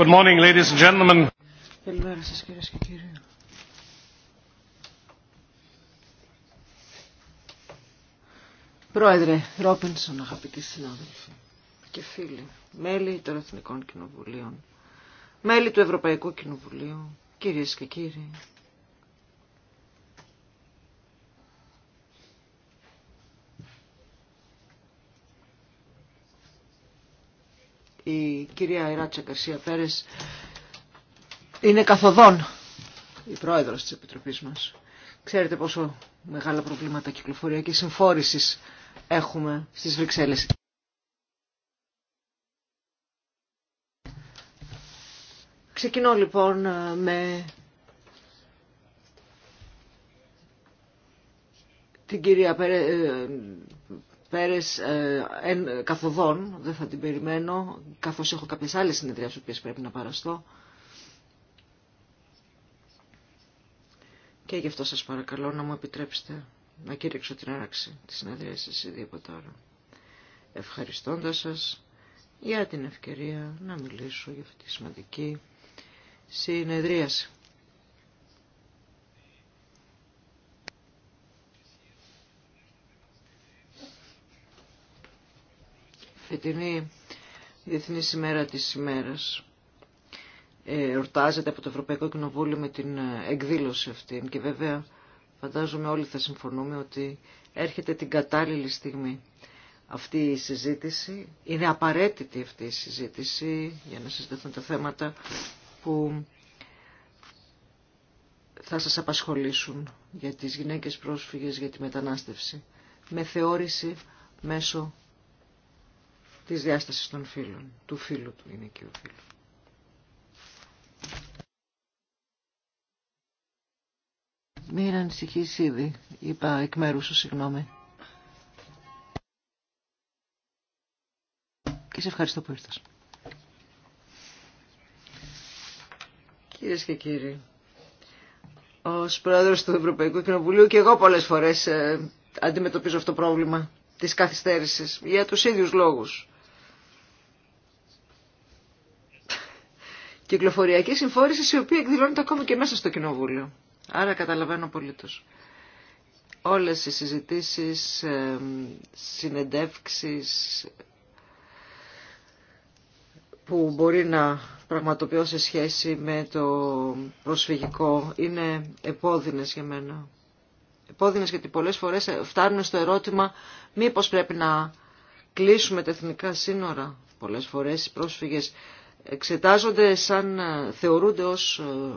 Good morning, ladies and gentlemen. Καλημέρα σας κυρίες και κύριοι. Πρόεδρε Ρόπινσον, αγαπητοί συνάδελφοι και φίλοι, μέλη των Εθνικών Κοινοβουλίων, μέλη του Ευρωπαϊκού Κοινοβουλίου, κυρίες και κύριοι, η κυρία Ιράτσα Καρσία Πέρες είναι καθοδόν η πρόεδρος της Επιτροπής μας. Ξέρετε πόσο μεγάλα προβλήματα και συμφόρησης έχουμε στις Βρυξέλλες. Ξεκινώ λοιπόν ε, με την κυρία ε, Πέρες ε, εν, καθοδόν, δεν θα την περιμένω, καθώς έχω κάποιες άλλες συνεδρίες που πρέπει να παραστώ. Και γι' αυτό σας παρακαλώ να μου επιτρέψετε να κήρυξω την άραξη της συνεδρίας ήδη από τώρα. Ευχαριστώντας σας για την ευκαιρία να μιλήσω για αυτή τη σημαντική συνεδρίαση. φετινή Διεθνή ημέρα της ημέρας. Εορτάζεται από το Ευρωπαϊκό Κοινοβούλιο με την ε, εκδήλωση αυτή και βέβαια φαντάζομαι όλοι θα συμφωνούμε ότι έρχεται την κατάλληλη στιγμή αυτή η συζήτηση. Είναι απαραίτητη αυτή η συζήτηση για να συζητηθούν τα θέματα που θα σας απασχολήσουν για τις γυναίκες πρόσφυγες για τη μετανάστευση με θεώρηση μέσω της διάστασης των φίλων, του φίλου του είναι και ο φίλου. Μην ανησυχείς ήδη, είπα εκ μέρους σου συγγνώμη. Και σε ευχαριστώ που ήρθες. Κυρίε και κύριοι, ως πρόεδρος του Ευρωπαϊκού Κοινοβουλίου και εγώ πολλές φορές ε, αντιμετωπίζω αυτό το πρόβλημα της καθυστέρησης για τους ίδιους λόγους κυκλοφοριακή συμφόρηση η οποία εκδηλώνεται ακόμα και μέσα στο Κοινοβούλιο. Άρα καταλαβαίνω απολύτως. Όλες οι συζητήσεις, ε, συνεντεύξεις που μπορεί να πραγματοποιώ σε σχέση με το προσφυγικό είναι επώδυνες για μένα. Επώδυνες γιατί πολλές φορές φτάνουν στο ερώτημα μήπως πρέπει να κλείσουμε τα εθνικά σύνορα. Πολλές φορές οι πρόσφυγες εξετάζονται σαν, ε, θεωρούνται ως ε,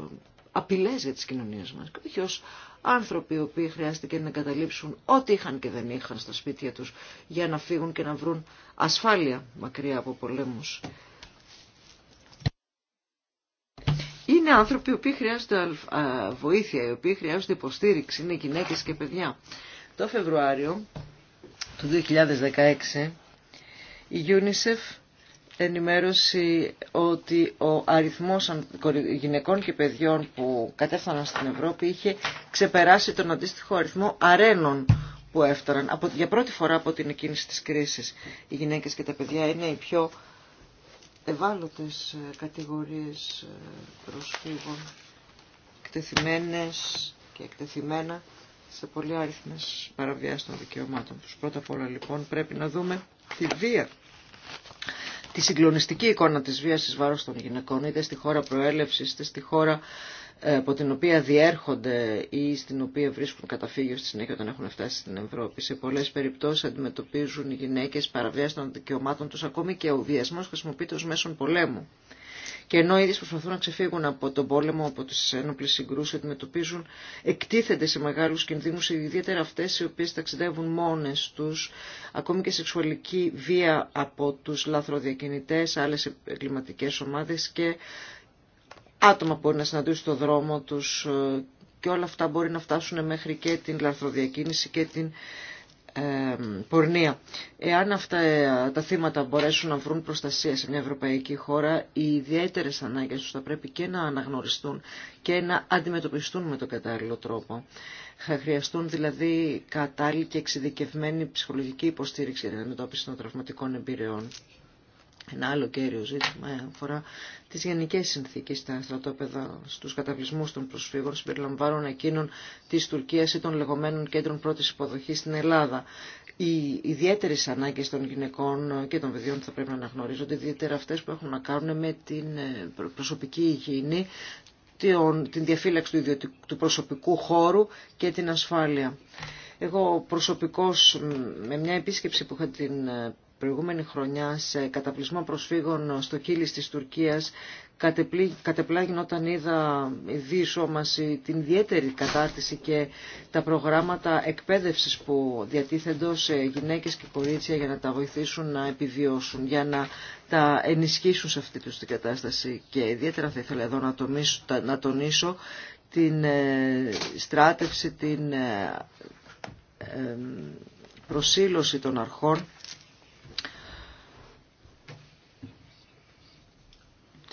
απειλές για τις κοινωνίες μας και όχι ως άνθρωποι οι οποίοι χρειάστηκαν να καταλήψουν ό,τι είχαν και δεν είχαν στα σπίτια τους για να φύγουν και να βρουν ασφάλεια μακριά από πολέμους. Είναι άνθρωποι οι οποίοι χρειάζονται βοήθεια, οι οποίοι χρειάζονται υποστήριξη, είναι γυναίκες και παιδιά. Το Φεβρουάριο του 2016 η UNICEF ενημέρωση ότι ο αριθμός γυναικών και παιδιών που κατέφθαναν στην Ευρώπη είχε ξεπεράσει τον αντίστοιχο αριθμό αρένων που έφταναν από, για πρώτη φορά από την εκκίνηση της κρίσης. Οι γυναίκες και τα παιδιά είναι οι πιο ευάλωτες ε, κατηγορίες ε, προσφύγων, εκτεθειμένες και εκτεθειμένα σε πολλοί άριθμες παραβιάσεις των δικαιωμάτων τους. Πρώτα απ' όλα λοιπόν πρέπει να δούμε τη βία τη συγκλονιστική εικόνα της βίας της βάρος των γυναικών, είτε στη χώρα προέλευσης, είτε στη χώρα ε, από την οποία διέρχονται ή στην οποία βρίσκουν καταφύγιο στη συνέχεια όταν έχουν φτάσει στην Ευρώπη. Σε πολλές περιπτώσεις αντιμετωπίζουν οι γυναίκες παραβιάσει των δικαιωμάτων τους, ακόμη και ο βιασμό χρησιμοποιείται ως μέσον πολέμου. Και ενώ οι προσπαθούν να ξεφύγουν από τον πόλεμο, από τι ένοπλε συγκρούσει, αντιμετωπίζουν, εκτίθενται σε μεγάλου κινδύνου, ιδιαίτερα αυτέ οι οποίε ταξιδεύουν μόνε του, ακόμη και σεξουαλική βία από του λαθροδιακινητέ, άλλε εγκληματικέ ομάδε και άτομα μπορεί να συναντήσουν στο δρόμο τους ε, και όλα αυτά μπορεί να φτάσουν μέχρι και την λαρθροδιακίνηση και την ε, πορνεία. Εάν αυτά ε, τα θύματα μπορέσουν να βρουν προστασία σε μια ευρωπαϊκή χώρα, οι ιδιαίτερε ανάγκες τους θα πρέπει και να αναγνωριστούν και να αντιμετωπιστούν με τον κατάλληλο τρόπο. Θα χρειαστούν δηλαδή κατάλληλη και εξειδικευμένη ψυχολογική υποστήριξη για την αντιμετώπιση των τραυματικών εμπειριών. Ένα άλλο κέριο ζήτημα αφορά τι γενικέ συνθήκε στα στρατόπεδα, στου καταβλισμού των προσφύγων, συμπεριλαμβάνων εκείνων τη Τουρκία ή των λεγόμενων κέντρων πρώτη υποδοχή στην Ελλάδα. Οι ιδιαίτερε ανάγκε των γυναικών και των παιδιών θα πρέπει να αναγνωρίζονται, ιδιαίτερα αυτέ που έχουν να κάνουν με την ε, προσωπική υγιεινή, την διαφύλαξη του, του προσωπικού χώρου και την ασφάλεια. Εγώ προσωπικώς με μια επίσκεψη που είχα την ε, προηγούμενη χρονιά σε καταπλησμό προσφύγων στο κύλι της Τουρκίας κατεπλάγει όταν είδα η διεισόμαση την ιδιαίτερη κατάρτιση και τα προγράμματα εκπαίδευσης που διατίθεντο σε γυναίκες και κορίτσια για να τα βοηθήσουν να επιβιώσουν, για να τα ενισχύσουν σε αυτή τους την κατάσταση. Και ιδιαίτερα θα ήθελα εδώ να τονίσω, να τονίσω την ε, στράτευση, την ε, ε, προσήλωση των αρχών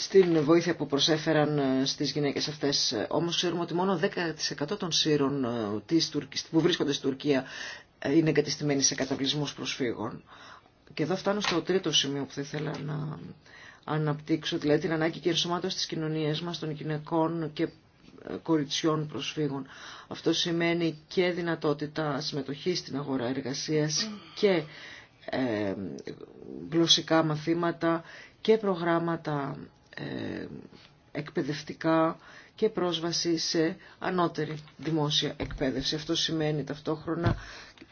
Στην βοήθεια που προσέφεραν ε, στις γυναίκες αυτές. Όμως ξέρουμε ότι μόνο 10% των Σύρων ε, που βρίσκονται στην Τουρκία ε, είναι εγκατεστημένοι σε καταβλισμούς προσφύγων. Και εδώ φτάνω στο τρίτο σημείο που θα ήθελα να αναπτύξω, δηλαδή την ανάγκη και ενσωμάτωση της κοινωνίας μας των γυναικών και κοριτσιών προσφύγων. Αυτό σημαίνει και δυνατότητα συμμετοχής στην αγορά εργασίας και ε, γλωσσικά μαθήματα και προγράμματα ε, εκπαιδευτικά και πρόσβαση σε ανώτερη δημόσια εκπαίδευση. Αυτό σημαίνει ταυτόχρονα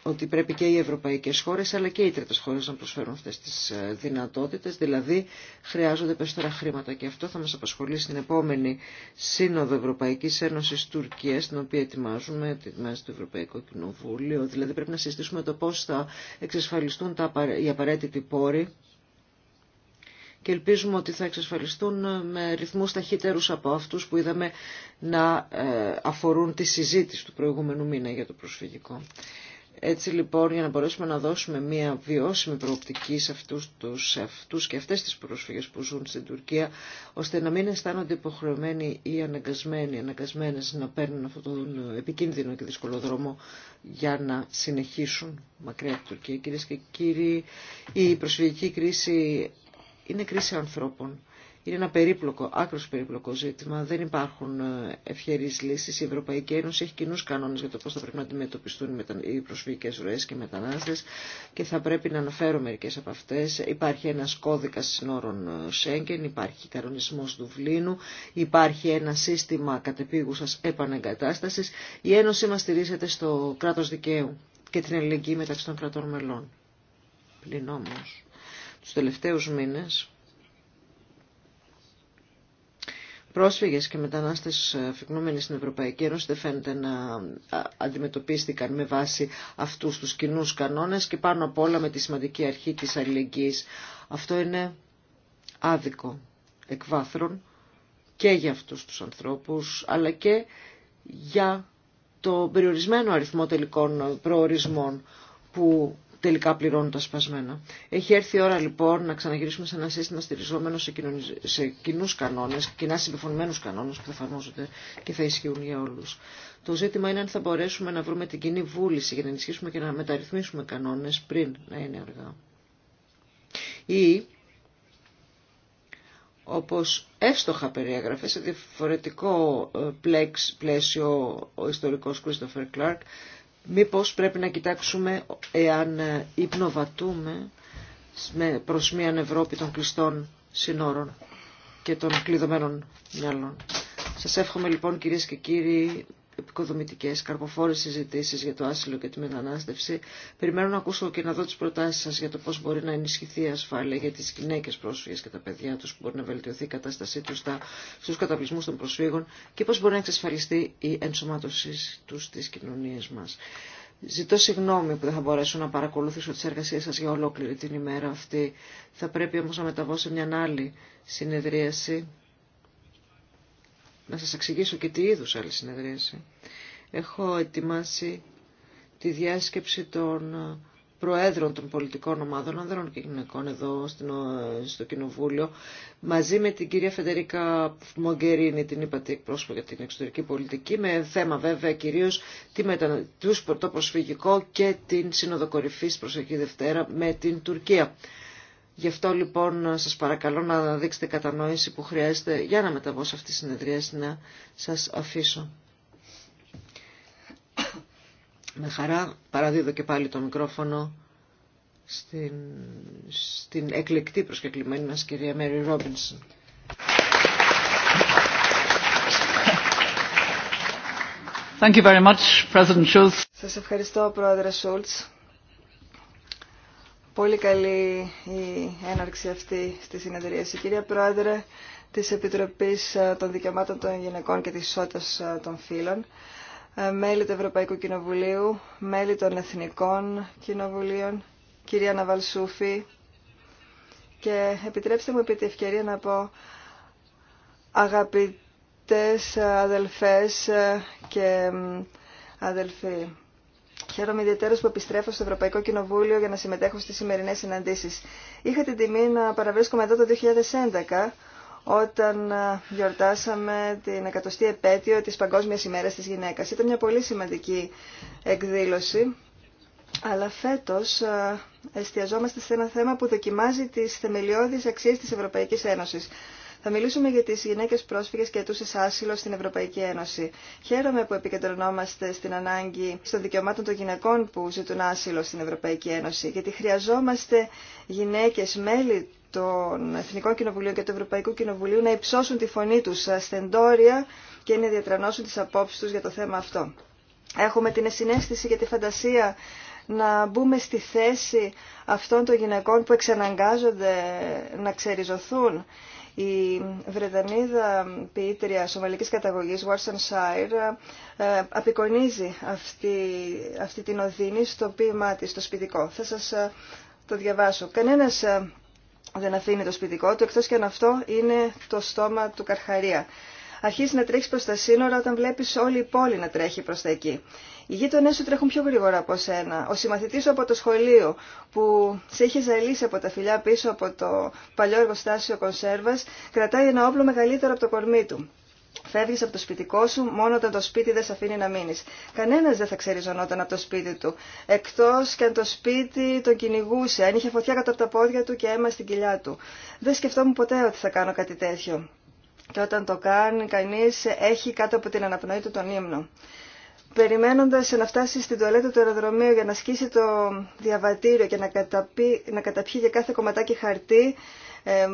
ότι πρέπει και οι ευρωπαϊκές χώρες αλλά και οι τρίτες χώρες να προσφέρουν αυτές τις ε, δυνατότητες, δηλαδή χρειάζονται περισσότερα χρήματα και αυτό θα μας απασχολεί στην επόμενη Σύνοδο Ευρωπαϊκής Ένωσης Τουρκίας, την οποία ετοιμάζουμε, ετοιμάζει το Ευρωπαϊκό Κοινοβούλιο, δηλαδή πρέπει να συζητήσουμε το πώς θα εξασφαλιστούν τα, οι απαραίτητοι και ελπίζουμε ότι θα εξασφαλιστούν με ρυθμούς ταχύτερους από αυτούς που είδαμε να ε, αφορούν τη συζήτηση του προηγούμενου μήνα για το προσφυγικό. Έτσι λοιπόν για να μπορέσουμε να δώσουμε μια βιώσιμη προοπτική σε αυτούς, τους, σε αυτούς και αυτές τις πρόσφυγες που ζουν στην Τουρκία ώστε να μην αισθάνονται υποχρεωμένοι ή αναγκασμένοι, αναγκασμένες να παίρνουν αυτόν τον επικίνδυνο και δύσκολο δρόμο για να συνεχίσουν μακριά από την Τουρκία. Κυρίες και κύριοι, η προσφυγική κρίση είναι κρίση ανθρώπων. Είναι ένα περίπλοκο, άκρος περίπλοκο ζήτημα. Δεν υπάρχουν ε, ευχερείς λύσει. Η Ευρωπαϊκή Ένωση έχει κοινού κανόνε για το πώ θα πρέπει να αντιμετωπιστούν οι προσφυγικέ ροέ και οι μετανάστες και θα πρέπει να αναφέρω μερικέ από αυτέ. Υπάρχει ένα κώδικα συνόρων ε, Σέγγεν, υπάρχει του Δουβλίνου, υπάρχει ένα σύστημα κατεπίγουσα επανεγκατάσταση. Η Ένωση μα στηρίζεται στο κράτο δικαίου και την ελληνική μεταξύ των κρατών μελών. Πλην όμως τους τελευταίους μήνες πρόσφυγες και μετανάστες ε, φυγνούμενοι στην Ευρωπαϊκή Ένωση δεν φαίνεται να αντιμετωπίστηκαν με βάση αυτούς τους κοινού κανόνες και πάνω απ' όλα με τη σημαντική αρχή της αλληλεγγύης. Αυτό είναι άδικο εκ και για αυτούς τους ανθρώπους αλλά και για το περιορισμένο αριθμό τελικών προορισμών που τελικά πληρώνουν τα σπασμένα. Έχει έρθει η ώρα λοιπόν να ξαναγυρίσουμε σε ένα σύστημα στηριζόμενο σε, κοινωνι... σε κοινού κανόνε, κοινά συμπεφωνημένου κανόνε που θα εφαρμόζονται και θα ισχύουν για όλου. Το ζήτημα είναι αν θα μπορέσουμε να βρούμε την κοινή βούληση για να ενισχύσουμε και να μεταρρυθμίσουμε κανόνε πριν να είναι αργά. Ή, όπω εύστοχα περιέγραφε σε διαφορετικό ε, πλαίσιο ο ιστορικό Κρίστοφερ Κλάρκ, Μήπως πρέπει να κοιτάξουμε εάν υπνοβατούμε προς μια Ευρώπη των κλειστών συνόρων και των κλειδωμένων μυαλών. Σας εύχομαι λοιπόν κυρίες και κύριοι επικοδομητικές καρποφόρες συζητήσει για το άσυλο και τη μετανάστευση. Περιμένω να ακούσω και να δω τι προτάσει σα για το πώ μπορεί να ενισχυθεί η ασφάλεια για τι γυναίκε πρόσφυγε και τα παιδιά του που μπορεί να βελτιωθεί η κατάστασή τους στου στους των προσφύγων και πώ μπορεί να εξασφαλιστεί η ενσωμάτωσή του στις κοινωνίες μα. Ζητώ συγγνώμη που δεν θα μπορέσω να παρακολουθήσω τις εργασίε σας για ολόκληρη την ημέρα αυτή. Θα πρέπει όμως να μεταβώ σε μια άλλη συνεδρίαση να σας εξηγήσω και τι είδους άλλη συνεδρίαση. Έχω ετοιμάσει τη διάσκεψη των προέδρων των πολιτικών ομάδων ανδρών και γυναικών εδώ στο Κοινοβούλιο, μαζί με την κυρία Φεντερίκα Μογκερίνη, την είπατε εκπρόσωπο για την εξωτερική πολιτική, με θέμα βέβαια κυρίως τη μετα... το προσφυγικό και την Σύνοδο Κορυφής προσεχή Δευτέρα με την Τουρκία. Γι' αυτό λοιπόν σας παρακαλώ να δείξετε κατανόηση που χρειάζεται για να μεταβώ σε αυτή τη συνεδρία να σας αφήσω. Με χαρά παραδίδω και πάλι το μικρόφωνο στην, στην εκλεκτή προσκεκλημένη μας κυρία Μέρι Ρόμπινσον. Thank Σας ευχαριστώ, Πρόεδρε Σούλτς. Πολύ καλή η έναρξη αυτή στη συνεδρίαση. Κυρία Πρόεδρε της Επιτροπής ε, των Δικαιωμάτων των Γυναικών και της Ισότητας ε, των Φίλων, ε, μέλη του Ευρωπαϊκού Κοινοβουλίου, μέλη των Εθνικών Κοινοβουλίων, κυρία Ναβαλσούφη, και επιτρέψτε μου επί τη ευκαιρία να πω αγαπητές αδελφές και αδελφοί. Χαίρομαι ιδιαίτερα που επιστρέφω στο Ευρωπαϊκό Κοινοβούλιο για να συμμετέχω στις σημερινές συναντήσεις. Είχα την τιμή να παραβρίσκομαι εδώ το 2011 όταν ε, γιορτάσαμε την εκατοστή επέτειο της παγκόσμια ημέρας της γυναίκας. Ήταν μια πολύ σημαντική εκδήλωση, αλλά φέτος ε, εστιαζόμαστε σε ένα θέμα που δοκιμάζει τι θεμελιώδει αξίες τη Ευρωπαϊκή Ένωση. Θα μιλήσουμε για τι γυναίκε πρόσφυγε και αιτούσες άσυλο στην Ευρωπαϊκή Ένωση. Χαίρομαι που επικεντρωνόμαστε στην ανάγκη των δικαιωμάτων των γυναικών που ζητούν άσυλο στην Ευρωπαϊκή Ένωση, γιατί χρειαζόμαστε γυναίκε μέλη των Εθνικών Κοινοβουλίων και του Ευρωπαϊκού Κοινοβουλίου να υψώσουν τη φωνή του στεντόρια και να διατρανώσουν τι απόψει του για το θέμα αυτό. Έχουμε την συνέστηση και τη φαντασία να μπούμε στη θέση αυτών των γυναικών που εξαναγκάζονται να ξεριζωθούν η Βρετανίδα ποιήτρια σομαλικής καταγωγής, Warsan Shire, ε, απεικονίζει αυτή, αυτή την οδύνη στο ποίημά της, στο σπιτικό. Θα σας ε, το διαβάσω. Κανένας ε, δεν αφήνει το σπιτικό του, εκτός και αν αυτό είναι το στόμα του Καρχαρία. Αρχίζει να τρέχει προ τα σύνορα όταν βλέπει όλη η πόλη να τρέχει προ τα εκεί. Οι γείτονέ σου τρέχουν πιο γρήγορα από σένα. Ο συμμαθητή σου από το σχολείο που σε είχε ζαλίσει από τα φιλιά πίσω από το παλιό εργοστάσιο κονσέρβας κρατάει ένα όπλο μεγαλύτερο από το κορμί του. Φεύγει από το σπιτικό σου μόνο όταν το σπίτι δεν σε αφήνει να μείνει. Κανένα δεν θα ξεριζωνόταν από το σπίτι του. Εκτό και αν το σπίτι τον κυνηγούσε, αν είχε φωτιά κάτω τα πόδια του και αίμα στην κοιλιά του. Δεν σκεφτόμουν ποτέ ότι θα κάνω κάτι τέτοιο και όταν το κάνει κανείς έχει κάτω από την αναπνοή του τον ύμνο. Περιμένοντας να φτάσει στην τουαλέτα του αεροδρομίου για να σκίσει το διαβατήριο και να, καταπι... να καταπιεί για κάθε κομματάκι χαρτί, ε,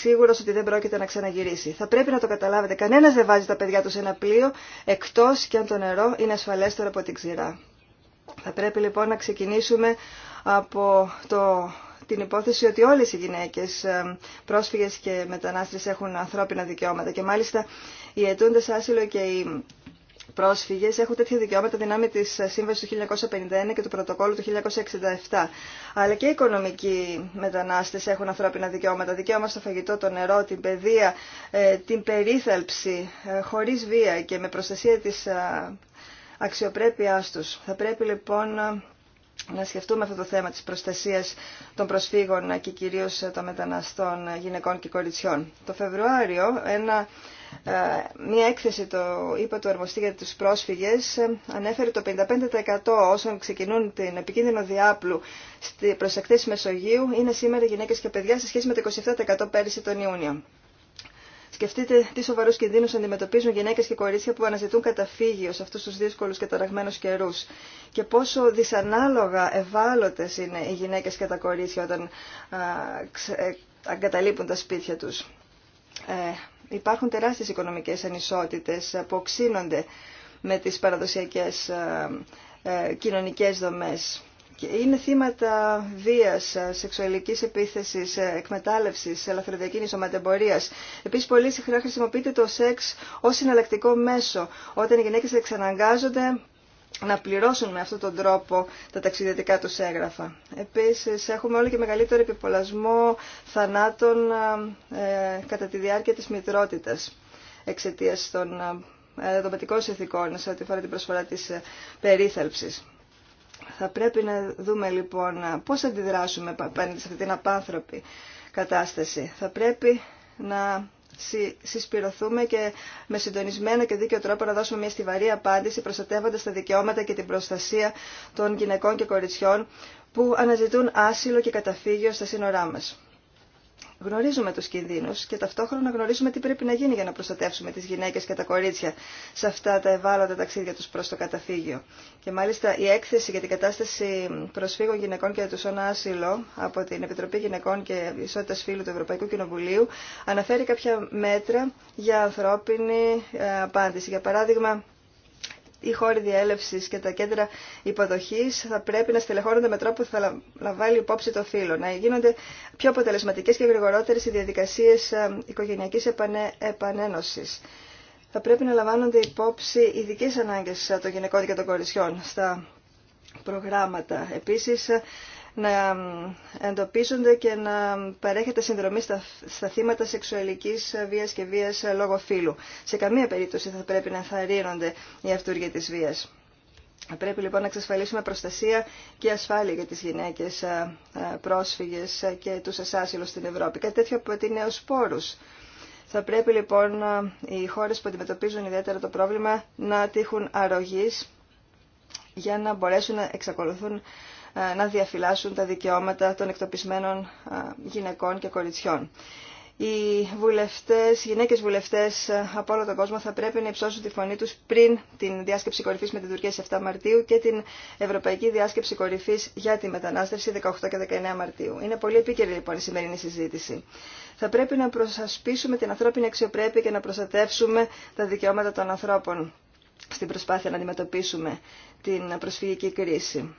σίγουρος ότι δεν πρόκειται να ξαναγυρίσει. Θα πρέπει να το καταλάβετε. Κανένας δεν βάζει τα παιδιά του σε ένα πλοίο, εκτός και αν το νερό είναι ασφαλέστερο από την ξηρά. Θα πρέπει λοιπόν να ξεκινήσουμε από το την υπόθεση ότι όλες οι γυναίκες ε, πρόσφυγες και μετανάστες έχουν ανθρώπινα δικαιώματα και μάλιστα οι αιτούντες άσυλο και οι πρόσφυγε έχουν τέτοια δικαιώματα δυνάμει τη Σύμβαση του 1951 και του Πρωτοκόλου του 1967. Αλλά και οι οικονομικοί μετανάστε έχουν ανθρώπινα δικαιώματα. Δικαίωμα στο φαγητό, το νερό, την παιδεία, ε, την περίθαλψη, ε, χωρί βία και με προστασία τη αξιοπρέπειά του. Θα πρέπει λοιπόν να σκεφτούμε αυτό το θέμα της προστασίας των προσφύγων και κυρίως των μεταναστών γυναικών και κοριτσιών. Το Φεβρουάριο ένα, ε, μια έκθεση το είπε του Ερμοστή για τους πρόσφυγες ε, ανέφερε το 55% όσων ξεκινούν την επικίνδυνο διάπλου προς εκθέσεις Μεσογείου είναι σήμερα γυναίκες και παιδιά σε σχέση με το 27% πέρυσι τον Ιούνιο. Σκεφτείτε τι σοβαρού κινδύνου αντιμετωπίζουν γυναίκε και κορίτσια που αναζητούν καταφύγιο σε αυτού του δύσκολου και ταραγμένου καιρού. Και πόσο δυσανάλογα ευάλωτε είναι οι γυναίκε και τα κορίτσια όταν ε, αγκαταλείπουν τα σπίτια του. Ε, υπάρχουν τεράστιες οικονομικές ανισότητες που οξύνονται με τις παραδοσιακέ ε, κοινωνικέ δομέ είναι θύματα βίας, σεξουαλικής επίθεσης, εκμετάλλευσης, ελαφροδιακίνης, σωματεμπορίας. Επίσης πολύ συχνά χρησιμοποιείται το σεξ ως συναλλακτικό μέσο, όταν οι γυναίκες εξαναγκάζονται να πληρώσουν με αυτόν τον τρόπο τα ταξιδιωτικά τους έγγραφα. Επίσης, έχουμε όλο και μεγαλύτερο επιπολασμό θανάτων ε, κατά τη διάρκεια της μητρότητας εξαιτίας των ε, δοματικών συνθηκών σε ό,τι φορά την προσφορά της ε, περίθαλψης. Θα πρέπει να δούμε λοιπόν πώς αντιδράσουμε απέναντι σε αυτή την απάνθρωπη κατάσταση. Θα πρέπει να συσπηρωθούμε και με συντονισμένο και δίκαιο τρόπο να δώσουμε μια στιβαρή απάντηση προστατεύοντας τα δικαιώματα και την προστασία των γυναικών και κοριτσιών που αναζητούν άσυλο και καταφύγιο στα σύνορά μας. Γνωρίζουμε τους κινδύνους και ταυτόχρονα γνωρίζουμε τι πρέπει να γίνει για να προστατεύσουμε τις γυναίκες και τα κορίτσια σε αυτά τα ευάλωτα ταξίδια τους προς το καταφύγιο. Και μάλιστα η έκθεση για την κατάσταση προσφύγων γυναικών και του άσυλο από την Επιτροπή Γυναικών και Ισότητας Φίλου του Ευρωπαϊκού Κοινοβουλίου αναφέρει κάποια μέτρα για ανθρώπινη ε, απάντηση. Για παράδειγμα, οι χώροι διέλευση και τα κέντρα υποδοχή θα πρέπει να στελεχώνονται με τρόπο που θα λαμβάνει υπόψη το φύλλο, να γίνονται πιο αποτελεσματικέ και γρηγορότερε οι διαδικασίε οικογενειακή επανένωση. Θα πρέπει να λαμβάνονται υπόψη ειδικέ ανάγκε ε, των γυναικών και των κορισιών στα προγράμματα. Επίσης, ε, να εντοπίζονται και να παρέχεται συνδρομή στα θύματα σεξουαλικής βίας και βίας λόγω φύλου. Σε καμία περίπτωση θα πρέπει να ενθαρρύνονται οι αυτούργοι της βίας. Πρέπει λοιπόν να εξασφαλίσουμε προστασία και ασφάλεια για τις γυναίκες πρόσφυγες και τους ασάσιλους στην Ευρώπη. Κάτι τέτοιο τη νέους πόρους. Θα πρέπει λοιπόν οι χώρες που αντιμετωπίζουν ιδιαίτερα το πρόβλημα να τύχουν αρρωγής για να μπορέσουν να εξακολουθούν ε, να διαφυλάσσουν τα δικαιώματα των εκτοπισμένων ε, γυναικών και κοριτσιών. Οι βουλευτές, γυναίκες βουλευτές ε, από όλο τον κόσμο θα πρέπει να υψώσουν τη φωνή τους πριν την διάσκεψη κορυφής με την Τουρκία 7 Μαρτίου και την Ευρωπαϊκή Διάσκεψη Κορυφής για τη Μετανάστευση 18 και 19 Μαρτίου. Είναι πολύ επίκαιρη λοιπόν η σημερινή συζήτηση. Θα πρέπει να προσασπίσουμε την ανθρώπινη αξιοπρέπεια και να προστατεύσουμε τα δικαιώματα των ανθρώπων στην προσπάθεια να αντιμετωπίσουμε την προσφυγική κρίση.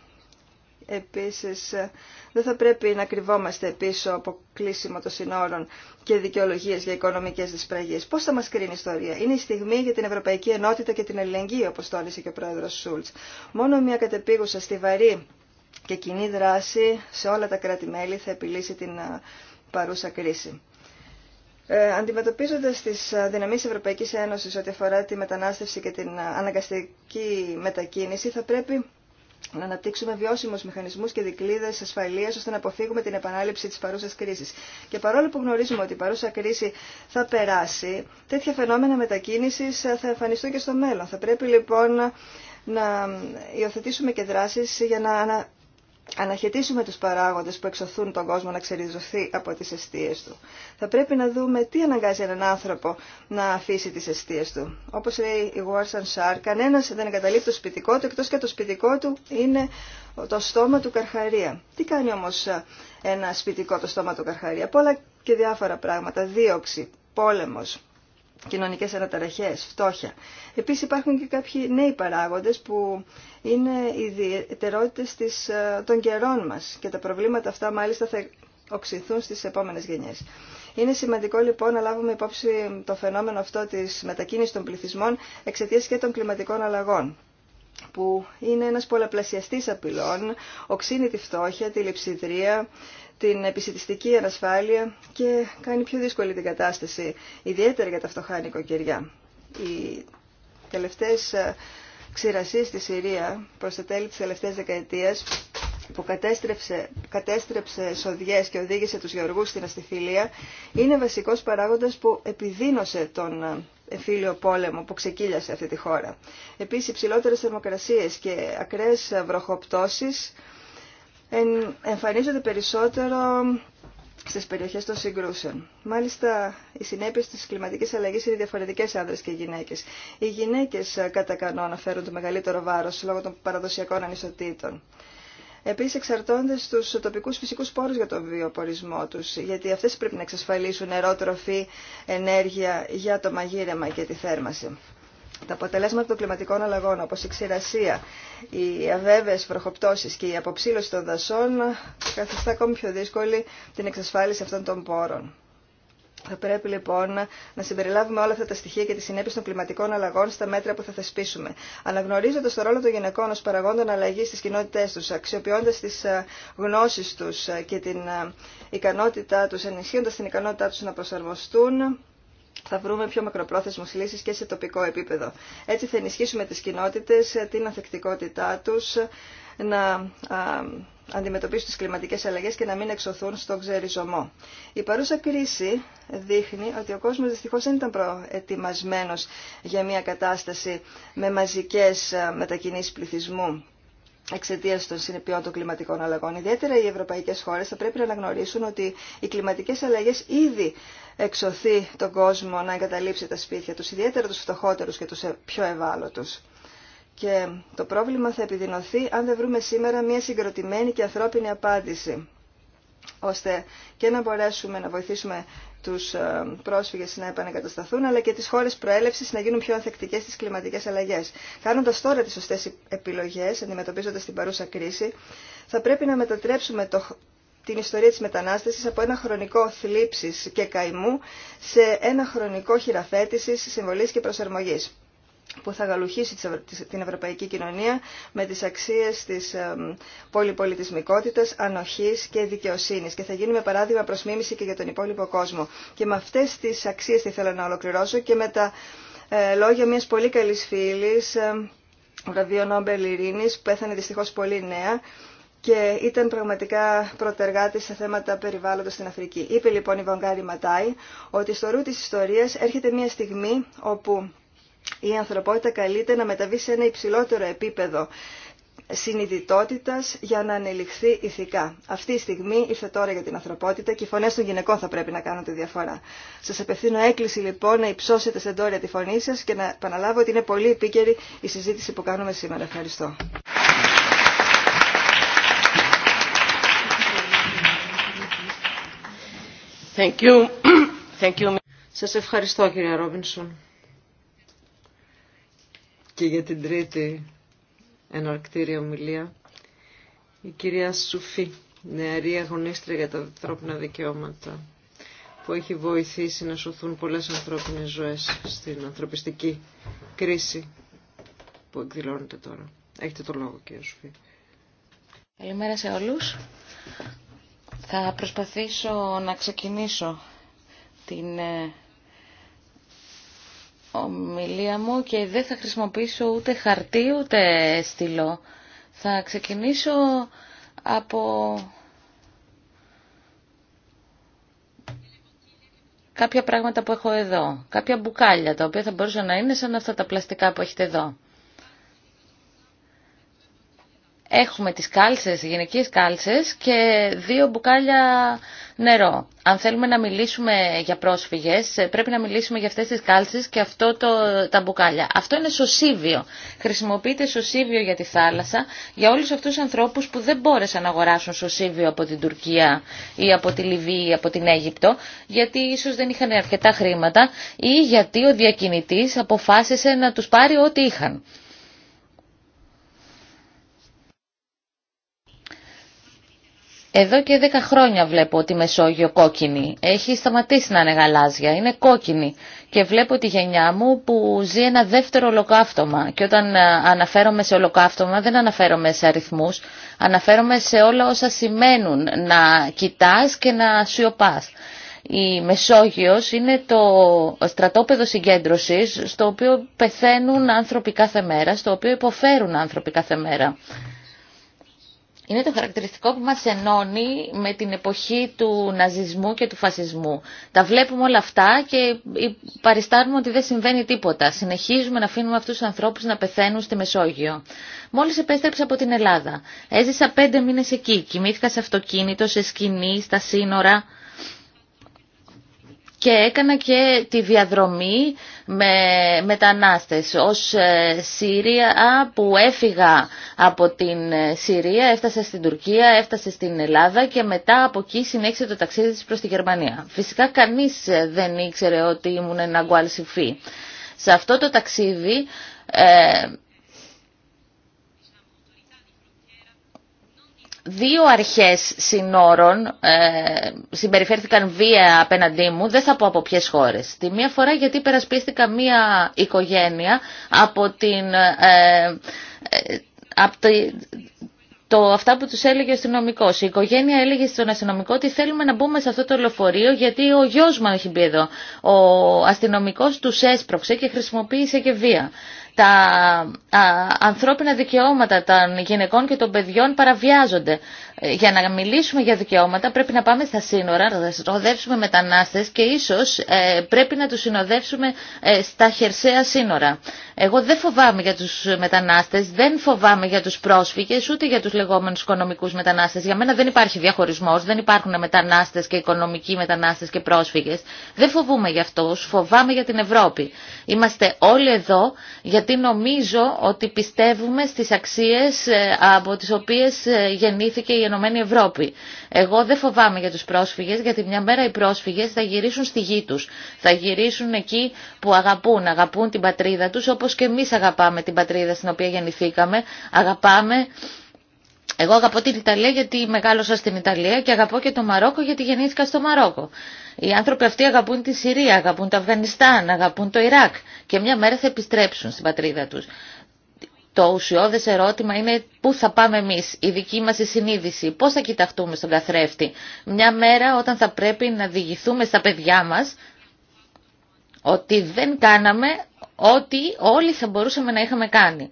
Επίσης, ε, δεν θα πρέπει να κρυβόμαστε πίσω από κλείσιμο των συνόρων και δικαιολογίε για οικονομικές δυσπραγίες. Πώς θα μας κρίνει η ιστορία. Είναι η στιγμή για την Ευρωπαϊκή Ενότητα και την Ελληνική, όπως τόνισε και ο πρόεδρος Σούλτς. Μόνο μια κατεπίγουσα στιβαρή και κοινή δράση σε όλα τα κράτη-μέλη θα επιλύσει την ε, παρούσα κρίση. Ε, Αντιμετωπίζοντα τι δυναμίε Ευρωπαϊκή Ένωση ό,τι αφορά τη μετανάστευση και την ε, αναγκαστική μετακίνηση, θα πρέπει να αναπτύξουμε βιώσιμου μηχανισμού και δικλείδε ασφαλεία ώστε να αποφύγουμε την επανάληψη τη παρούσα κρίση. Και παρόλο που γνωρίζουμε ότι η παρούσα κρίση θα περάσει, τέτοια φαινόμενα μετακίνηση θα εμφανιστούν και στο μέλλον. Θα πρέπει λοιπόν να υιοθετήσουμε και δράσει για να αναχαιτήσουμε τους παράγοντες που εξωθούν τον κόσμο να ξεριζωθεί από τις αιστείες του. Θα πρέπει να δούμε τι αναγκάζει έναν άνθρωπο να αφήσει τις αιστείες του. Όπως λέει η Warsan Shar, κανένας δεν εγκαταλείπει το σπιτικό του, εκτός και το σπιτικό του είναι το στόμα του καρχαρία. Τι κάνει όμως ένα σπιτικό το στόμα του καρχαρία. Πολλά και διάφορα πράγματα. Δίωξη, πόλεμος, κοινωνικές αναταραχές, φτώχεια. Επίσης υπάρχουν και κάποιοι νέοι παράγοντες που είναι ιδιαιτερότητες της, ε, των καιρών μας και τα προβλήματα αυτά μάλιστα θα οξυθούν στις επόμενες γενιές. Είναι σημαντικό λοιπόν να λάβουμε υπόψη το φαινόμενο αυτό της μετακίνησης των πληθυσμών εξαιτία και των κλιματικών αλλαγών που είναι ένας πολλαπλασιαστής απειλών, οξύνει τη φτώχεια, τη λειψιδρία, την επισητιστική ανασφάλεια και κάνει πιο δύσκολη την κατάσταση, ιδιαίτερα για τα φτωχά νοικοκυριά. Οι τελευταίες ε, ξηρασίες στη Συρία προς τα τέλη της τελευταίας δεκαετίας που κατέστρεψε, κατέστρεψε σοδιές και οδήγησε τους γεωργούς στην αστιφιλία είναι βασικός παράγοντας που επιδίνωσε τον ε, εμφύλιο πόλεμο που ξεκύλιασε αυτή τη χώρα. Επίσης, υψηλότερες θερμοκρασίες και ακραίες ε, βροχοπτώσεις εμφανίζονται περισσότερο στις περιοχές των συγκρούσεων. Μάλιστα, οι συνέπειες της κλιματικής αλλαγής είναι διαφορετικές άνδρες και γυναίκες. Οι γυναίκες ε, κατά κανόνα φέρουν το μεγαλύτερο βάρος λόγω των παραδοσιακών ανισοτήτων. Επίσης εξαρτώνται στους τοπικούς φυσικούς πόρους για τον βιοπορισμό τους, γιατί αυτές πρέπει να εξασφαλίσουν νερό, τροφή, ενέργεια για το μαγείρεμα και τη θέρμαση. Τα αποτελέσματα των κλιματικών αλλαγών, όπως η ξηρασία, οι αβέβαιες βροχοπτώσεις και η αποψήλωση των δασών, καθιστά ακόμη πιο δύσκολη την εξασφάλιση αυτών των πόρων. Θα πρέπει λοιπόν να συμπεριλάβουμε όλα αυτά τα στοιχεία και τι συνέπειε των κλιματικών αλλαγών στα μέτρα που θα θεσπίσουμε. Αναγνωρίζοντα το ρόλο των γυναικών ω παραγόντων αλλαγή στι κοινότητέ του, αξιοποιώντα τι ε, γνώσει του ε, και την ε, ικανότητά του, ενισχύοντα την ικανότητά του να προσαρμοστούν, θα βρούμε πιο μακροπρόθεσμες λύσεις και σε τοπικό επίπεδο. Έτσι θα ενισχύσουμε τις κοινότητες, την ανθεκτικότητά τους, να αντιμετωπίσουν τις κλιματικές αλλαγές και να μην εξωθούν στον ξεριζωμό. Η παρούσα κρίση δείχνει ότι ο κόσμος δυστυχώς δεν ήταν προετοιμασμένος για μια κατάσταση με μαζικές μετακινήσεις πληθυσμού εξαιτία των συνεπειών των κλιματικών αλλαγών. Ιδιαίτερα οι ευρωπαϊκές χώρες θα πρέπει να αναγνωρίσουν ότι οι κλιματικές αλλαγές ήδη εξωθεί τον κόσμο να εγκαταλείψει τα σπίτια τους, ιδιαίτερα του φτωχότερου και του πιο ευάλωτους. Και το πρόβλημα θα επιδεινωθεί αν δεν βρούμε σήμερα μια συγκροτημένη και ανθρώπινη απάντηση ώστε και να μπορέσουμε να βοηθήσουμε τους ε, πρόσφυγες να επανακατασταθούν, αλλά και τις χώρες προέλευσης να γίνουν πιο ανθεκτικές στις κλιματικές αλλαγές. Κάνοντας τώρα τις σωστές επιλογές, αντιμετωπίζοντας την παρούσα κρίση, θα πρέπει να μετατρέψουμε την ιστορία της μετανάστευσης από ένα χρονικό θλίψης και καημού σε ένα χρονικό χειραφέτησης, συμβολής και προσαρμογής που θα γαλουχίσει την ευρωπαϊκή κοινωνία με τις αξίες της πολυπολιτισμικότητας, ανοχής και δικαιοσύνης και θα γίνει με παράδειγμα προς μίμηση και για τον υπόλοιπο κόσμο. Και με αυτές τις αξίες τι θέλω να ολοκληρώσω και με τα ε, λόγια μιας πολύ καλής φίλης, βραβείο Νόμπελ Ειρήνης, που πέθανε δυστυχώς πολύ νέα, και ήταν πραγματικά πρωτεργάτη σε θέματα περιβάλλοντο στην Αφρική. Είπε λοιπόν η Βαγκάρη Ματάη ότι στο ρου της ιστορία έρχεται μια στιγμή όπου η ανθρωπότητα καλείται να μεταβεί σε ένα υψηλότερο επίπεδο συνειδητότητας για να ανελιχθεί ηθικά. Αυτή η στιγμή ήρθε τώρα για την ανθρωπότητα και οι φωνές των γυναικών θα πρέπει να κάνουν τη διαφορά. Σας απευθύνω έκκληση λοιπόν να υψώσετε σεντόρια τη φωνή σας και να επαναλάβω ότι είναι πολύ επίκαιρη η συζήτηση που κάνουμε σήμερα. Ευχαριστώ. Thank you. Thank you. Σας ευχαριστώ κύριε Ρόμπινσον και για την τρίτη εναρκτήρια ομιλία η κυρία Σουφή, νεαρή αγωνίστρια για τα ανθρώπινα δικαιώματα που έχει βοηθήσει να σωθούν πολλές ανθρώπινες ζωές στην ανθρωπιστική κρίση που εκδηλώνεται τώρα. Έχετε το λόγο κύριε Σουφή. Καλημέρα σε όλους. Θα προσπαθήσω να ξεκινήσω την ε, ομιλία μου και δεν θα χρησιμοποιήσω ούτε χαρτί ούτε στυλό. Θα ξεκινήσω από κάποια πράγματα που έχω εδώ, κάποια μπουκάλια τα οποία θα μπορούσαν να είναι σαν αυτά τα πλαστικά που έχετε εδώ. Έχουμε τις κάλτσες, γυναικείες κάλσες και δύο μπουκάλια νερό. Αν θέλουμε να μιλήσουμε για πρόσφυγες, πρέπει να μιλήσουμε για αυτές τις κάλσες και αυτό το, τα μπουκάλια. Αυτό είναι σωσίβιο. Χρησιμοποιείται σωσίβιο για τη θάλασσα, για όλους αυτούς τους ανθρώπους που δεν μπόρεσαν να αγοράσουν σωσίβιο από την Τουρκία ή από τη Λιβύη ή από την Αίγυπτο, γιατί ίσως δεν είχαν αρκετά χρήματα ή γιατί ο διακινητής αποφάσισε να τους πάρει ό,τι είχαν. Εδώ και 10 χρόνια βλέπω η Μεσόγειο κόκκινη. Έχει σταματήσει να είναι γαλάζια, είναι κόκκινη. Και βλέπω τη γενιά μου που ζει ένα δεύτερο ολοκαύτωμα. Και όταν ε, αναφέρομαι σε ολοκαύτωμα δεν αναφέρομαι σε αριθμούς, αναφέρομαι σε όλα όσα σημαίνουν να κοιτάς και να σιωπάς. Η Μεσόγειος είναι το στρατόπεδο συγκέντρωσης στο οποίο πεθαίνουν άνθρωποι κάθε μέρα, στο οποίο υποφέρουν άνθρωποι κάθε μέρα είναι το χαρακτηριστικό που μας ενώνει με την εποχή του ναζισμού και του φασισμού. Τα βλέπουμε όλα αυτά και παριστάνουμε ότι δεν συμβαίνει τίποτα. Συνεχίζουμε να αφήνουμε αυτούς τους ανθρώπους να πεθαίνουν στη Μεσόγειο. Μόλις επέστρεψα από την Ελλάδα. Έζησα πέντε μήνες εκεί. Κοιμήθηκα σε αυτοκίνητο, σε σκηνή, στα σύνορα και έκανα και τη διαδρομή με μετανάστες ως ε, Σύρια που έφυγα από την ε, Συρία, έφτασα στην Τουρκία, έφτασε στην Ελλάδα και μετά από εκεί συνέχισε το ταξίδι της προς τη Γερμανία. Φυσικά κανείς ε, δεν ήξερε ότι ήμουν ένα γκουαλσιφί. Σε αυτό το ταξίδι δύο αρχές συνόρων ε, συμπεριφέρθηκαν βία απέναντί μου, δεν θα πω από ποιες χώρες. Τη μία φορά γιατί περασπίστηκα μία οικογένεια από την... Ε, ε το, αυτά που τους έλεγε ο αστυνομικό. Η οικογένεια έλεγε στον αστυνομικό ότι θέλουμε να μπούμε σε αυτό το λεωφορείο γιατί ο γιος μου έχει μπει εδώ. Ο αστυνομικός τους έσπρωξε και χρησιμοποίησε και βία τα ανθρώπινα δικαιώματα των γυναικών και των παιδιών παραβιάζονται. Για να μιλήσουμε για δικαιώματα πρέπει να πάμε στα σύνορα, να συνοδεύσουμε μετανάστες και ίσως ε, πρέπει να τους συνοδεύσουμε ε, στα χερσαία σύνορα. Εγώ δεν φοβάμαι για τους μετανάστες, δεν φοβάμαι για τους πρόσφυγες, ούτε για τους λεγόμενους οικονομικούς μετανάστες. Για μένα δεν υπάρχει διαχωρισμός, δεν υπάρχουν μετανάστες και οικονομικοί μετανάστες και πρόσφυγες. Δεν φοβούμε για αυτούς, φοβάμαι για την Ευρώπη. Είμαστε όλοι εδώ για γιατί νομίζω ότι πιστεύουμε στις αξίες ε, από τις οποίες ε, γεννήθηκε η Ενωμένη ΕΕ. Ευρώπη. Εγώ δεν φοβάμαι για τους πρόσφυγες, γιατί μια μέρα οι πρόσφυγες θα γυρίσουν στη γη τους. Θα γυρίσουν εκεί που αγαπούν, αγαπούν την πατρίδα τους, όπως και εμείς αγαπάμε την πατρίδα στην οποία γεννηθήκαμε, αγαπάμε εγώ αγαπώ την Ιταλία γιατί μεγάλωσα στην Ιταλία και αγαπώ και το Μαρόκο γιατί γεννήθηκα στο Μαρόκο. Οι άνθρωποι αυτοί αγαπούν τη Συρία, αγαπούν το Αφγανιστάν, αγαπούν το Ιράκ και μια μέρα θα επιστρέψουν στην πατρίδα τους. Το ουσιώδες ερώτημα είναι πού θα πάμε εμείς, η δική μας η συνείδηση, πώς θα κοιταχτούμε στον καθρέφτη. Μια μέρα όταν θα πρέπει να διηγηθούμε στα παιδιά μας ότι δεν κάναμε ό,τι όλοι θα μπορούσαμε να είχαμε κάνει.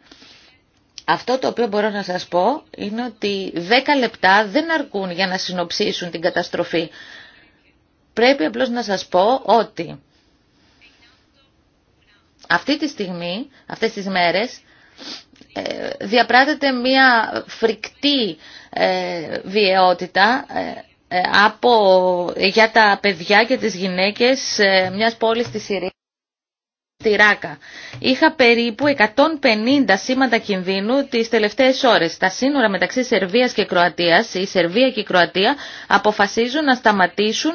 Αυτό το οποίο μπορώ να σας πω είναι ότι 10 λεπτά δεν αρκούν για να συνοψίσουν την καταστροφή. Πρέπει απλώς να σας πω ότι αυτή τη στιγμή, αυτές τις μέρες, ε, διαπράττεται μία φρικτή ε, βιαιότητα ε, από, για τα παιδιά και τις γυναίκες μιας πόλης της Συρίας στη Ράκα. Είχα περίπου 150 σήματα κινδύνου τις τελευταίες ώρες. Τα σύνορα μεταξύ Σερβίας και Κροατίας, η Σερβία και η Κροατία αποφασίζουν να σταματήσουν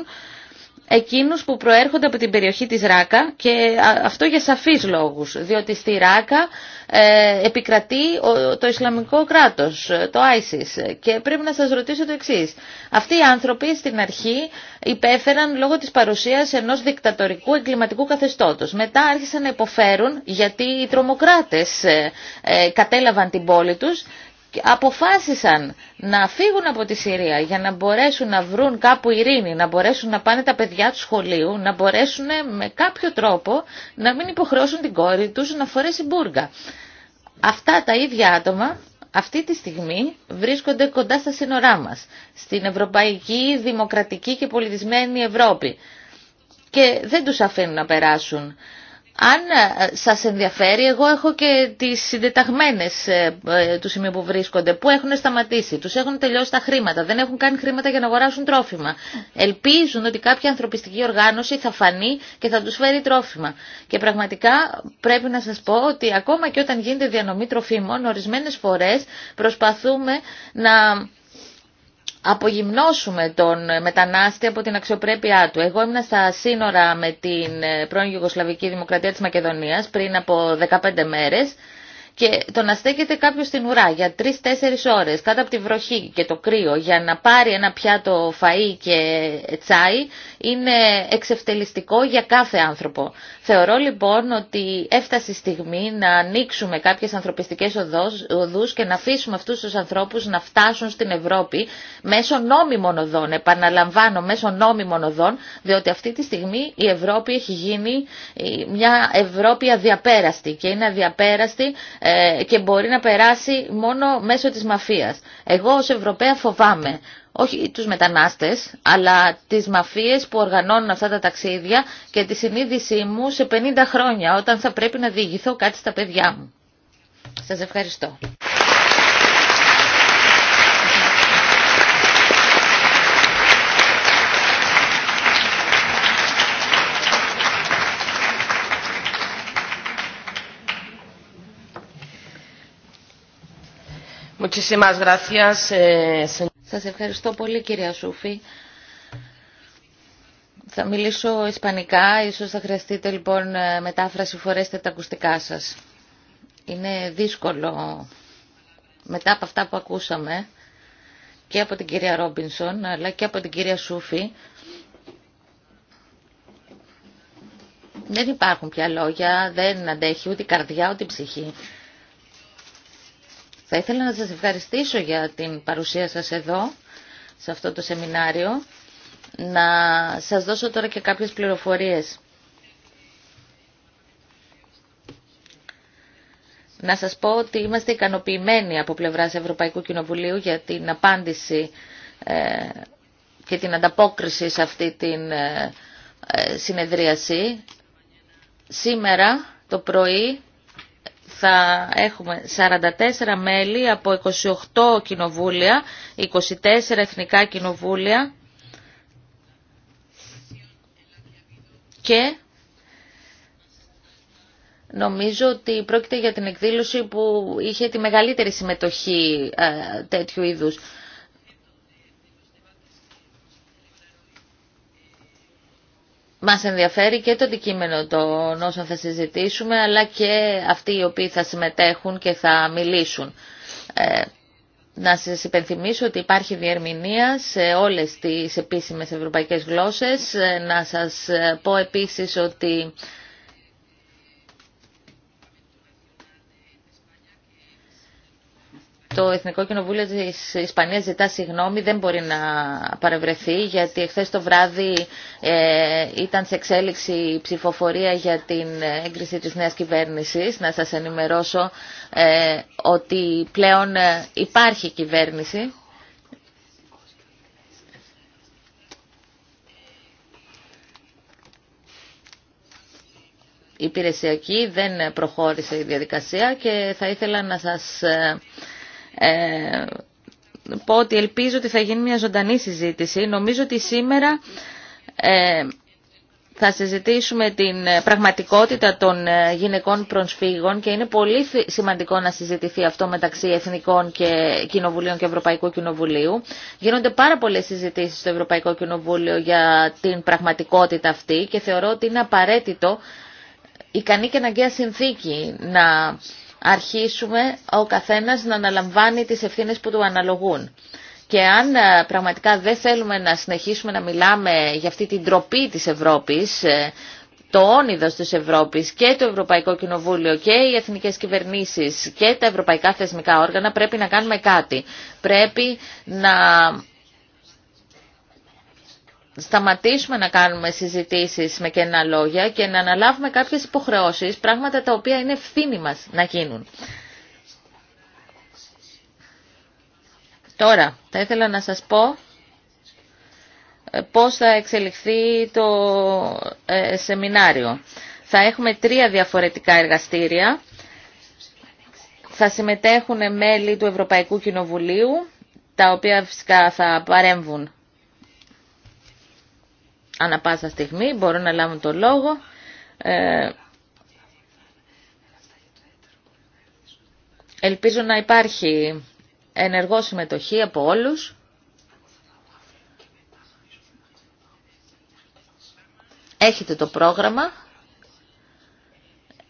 εκείνους που προέρχονται από την περιοχή της Ράκα και αυτό για σαφείς λόγους, διότι στη Ράκα ε, επικρατεί το Ισλαμικό κράτος, ε, το ISIS και πρέπει να σας ρωτήσω το εξής. Αυτοί οι άνθρωποι στην αρχή υπέφεραν λόγω της παρουσίας ενός δικτατορικού εγκληματικού καθεστώτος. Μετά άρχισαν να υποφέρουν γιατί οι τρομοκράτες ε, κατέλαβαν την πόλη τους αποφάσισαν να φύγουν από τη Συρία για να μπορέσουν να βρουν κάπου ειρήνη, να μπορέσουν να πάνε τα παιδιά του σχολείου, να μπορέσουν με κάποιο τρόπο να μην υποχρεώσουν την κόρη τους να φορέσει μπουργκα. Αυτά τα ίδια άτομα αυτή τη στιγμή βρίσκονται κοντά στα σύνορά μας, στην Ευρωπαϊκή, Δημοκρατική και Πολιτισμένη Ευρώπη και δεν τους αφήνουν να περάσουν. Αν ε, σας ενδιαφέρει, εγώ έχω και τις συντεταγμένες ε, ε, του σημείου που βρίσκονται, που έχουν σταματήσει, τους έχουν τελειώσει τα χρήματα, δεν έχουν κάνει χρήματα για να αγοράσουν τρόφιμα. Ελπίζουν ότι κάποια ανθρωπιστική οργάνωση θα φανεί και θα τους φέρει τρόφιμα. Και πραγματικά πρέπει να σας πω ότι ακόμα και όταν γίνεται διανομή τροφίμων, ορισμένες φορές προσπαθούμε να απογυμνώσουμε τον μετανάστη από την αξιοπρέπειά του. Εγώ ήμουν στα σύνορα με την ε, πρώην Ιουγκοσλαβική Δημοκρατία της Μακεδονίας πριν από 15 μέρες και το να στέκεται κάποιο στην ουρά για τρει-τέσσερι ώρε κάτω από τη βροχή και το κρύο για να πάρει ένα πιάτο φαΐ και τσάι είναι εξευτελιστικό για κάθε άνθρωπο. Θεωρώ λοιπόν ότι έφτασε η στιγμή να ανοίξουμε κάποιε ανθρωπιστικέ οδού και να αφήσουμε αυτού του ανθρώπου να φτάσουν στην Ευρώπη μέσω νόμιμων οδών. Επαναλαμβάνω, μέσω νόμιμων οδών, διότι αυτή τη στιγμή η Ευρώπη έχει γίνει ε, μια Ευρώπη αδιαπέραστη και είναι αδιαπέραστη ε, ε, και μπορεί να περάσει μόνο μέσω της μαφίας. Εγώ ως Ευρωπαία φοβάμαι όχι τους μετανάστες, αλλά τις μαφίες που οργανώνουν αυτά τα ταξίδια και τη συνείδησή μου σε 50 χρόνια, όταν θα πρέπει να διηγηθώ κάτι στα παιδιά μου. Σας ευχαριστώ. Eh, σας ευχαριστώ πολύ κυρία Σούφη. Θα μιλήσω ισπανικά, ίσως θα χρειαστείτε λοιπόν ε, μετάφραση, φορέστε τα ακουστικά σας. Είναι δύσκολο μετά από αυτά που ακούσαμε και από την κυρία Ρόμπινσον αλλά και από την κυρία Σούφη δεν υπάρχουν πια λόγια, δεν αντέχει ούτε η καρδιά ούτε η ψυχή θα ήθελα να σας ευχαριστήσω για την παρουσία σας εδώ, σε αυτό το σεμινάριο. Να σας δώσω τώρα και κάποιες πληροφορίες. Να σας πω ότι είμαστε ικανοποιημένοι από πλευράς Ευρωπαϊκού Κοινοβουλίου για την απάντηση ε, και την ανταπόκριση σε αυτή την ε, ε, συνεδρίαση. Σήμερα το πρωί θα έχουμε 44 μέλη από 28 κοινοβούλια, 24 εθνικά κοινοβούλια και Νομίζω ότι πρόκειται για την εκδήλωση που είχε τη μεγαλύτερη συμμετοχή ε, τέτοιου είδους. Μας ενδιαφέρει και το αντικείμενο των όσων θα συζητήσουμε, αλλά και αυτοί οι οποίοι θα συμμετέχουν και θα μιλήσουν. Ε, να σας υπενθυμίσω ότι υπάρχει διερμηνία σε όλες τις επίσημες ευρωπαϊκές γλώσσες. Ε, να σας πω επίσης ότι το Εθνικό Κοινοβούλιο τη Ισπανία ζητά συγγνώμη, δεν μπορεί να παρευρεθεί γιατί εχθές το βράδυ ε, ήταν σε εξέλιξη η ψηφοφορία για την έγκριση της νέας κυβέρνησης. Να σα ενημερώσω ε, ότι πλέον ε, υπάρχει κυβέρνηση. Η υπηρεσιακή δεν προχώρησε η διαδικασία και θα ήθελα να σας ε, πω ότι ελπίζω ότι θα γίνει μια ζωντανή συζήτηση. Νομίζω ότι σήμερα ε, θα συζητήσουμε την πραγματικότητα των ε, γυναικών προσφύγων και είναι πολύ σημαντικό να συζητηθεί αυτό μεταξύ Εθνικών και Κοινοβουλίων και Ευρωπαϊκού Κοινοβουλίου. Γίνονται πάρα πολλές συζητήσεις στο Ευρωπαϊκό Κοινοβούλιο για την πραγματικότητα αυτή και θεωρώ ότι είναι απαραίτητο ικανή και αναγκαία συνθήκη να αρχίσουμε ο καθένας να αναλαμβάνει τις ευθύνες που του αναλογούν. Και αν ε, πραγματικά δεν θέλουμε να συνεχίσουμε να μιλάμε για αυτή την τροπή της Ευρώπης, ε, το όνειδος της Ευρώπης και το Ευρωπαϊκό Κοινοβούλιο και οι εθνικές κυβερνήσεις και τα ευρωπαϊκά θεσμικά όργανα πρέπει να κάνουμε κάτι. Πρέπει να σταματήσουμε να κάνουμε συζητήσεις με κενά λόγια και να αναλάβουμε κάποιες υποχρεώσεις, πράγματα τα οποία είναι ευθύνη μας να γίνουν. Τώρα, θα ήθελα να σας πω ε, πώς θα εξελιχθεί το ε, σεμινάριο. Θα έχουμε τρία διαφορετικά εργαστήρια. Θα συμμετέχουν μέλη του Ευρωπαϊκού Κοινοβουλίου, τα οποία φυσικά θα παρέμβουν Ανά πάσα στιγμή μπορούν να λάβουν το λόγο. Ε, ελπίζω να υπάρχει ενεργό συμμετοχή από όλους. Έχετε το πρόγραμμα.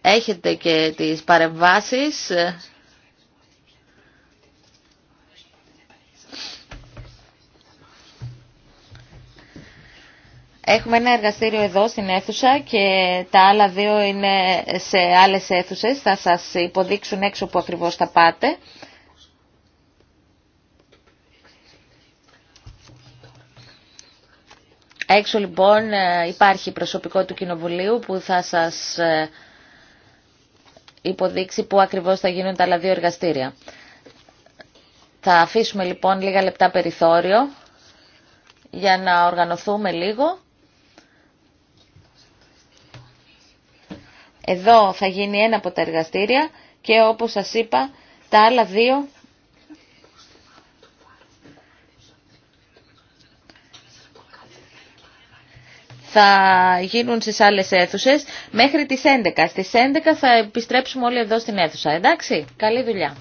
Έχετε και τις παρεμβάσεις Έχουμε ένα εργαστήριο εδώ στην αίθουσα και τα άλλα δύο είναι σε άλλες αίθουσες. Θα σας υποδείξουν έξω που ακριβώς θα πάτε. Έξω λοιπόν ε, υπάρχει προσωπικό του Κοινοβουλίου που θα σας ε, υποδείξει πού ακριβώς θα γίνουν τα άλλα δύο εργαστήρια. Θα αφήσουμε λοιπόν λίγα λεπτά περιθώριο για να οργανωθούμε λίγο Εδώ θα γίνει ένα από τα εργαστήρια και όπως σας είπα τα άλλα δύο θα γίνουν στις άλλες αίθουσες μέχρι τις 11. Στις 11 θα επιστρέψουμε όλοι εδώ στην αίθουσα. Εντάξει, καλή δουλειά.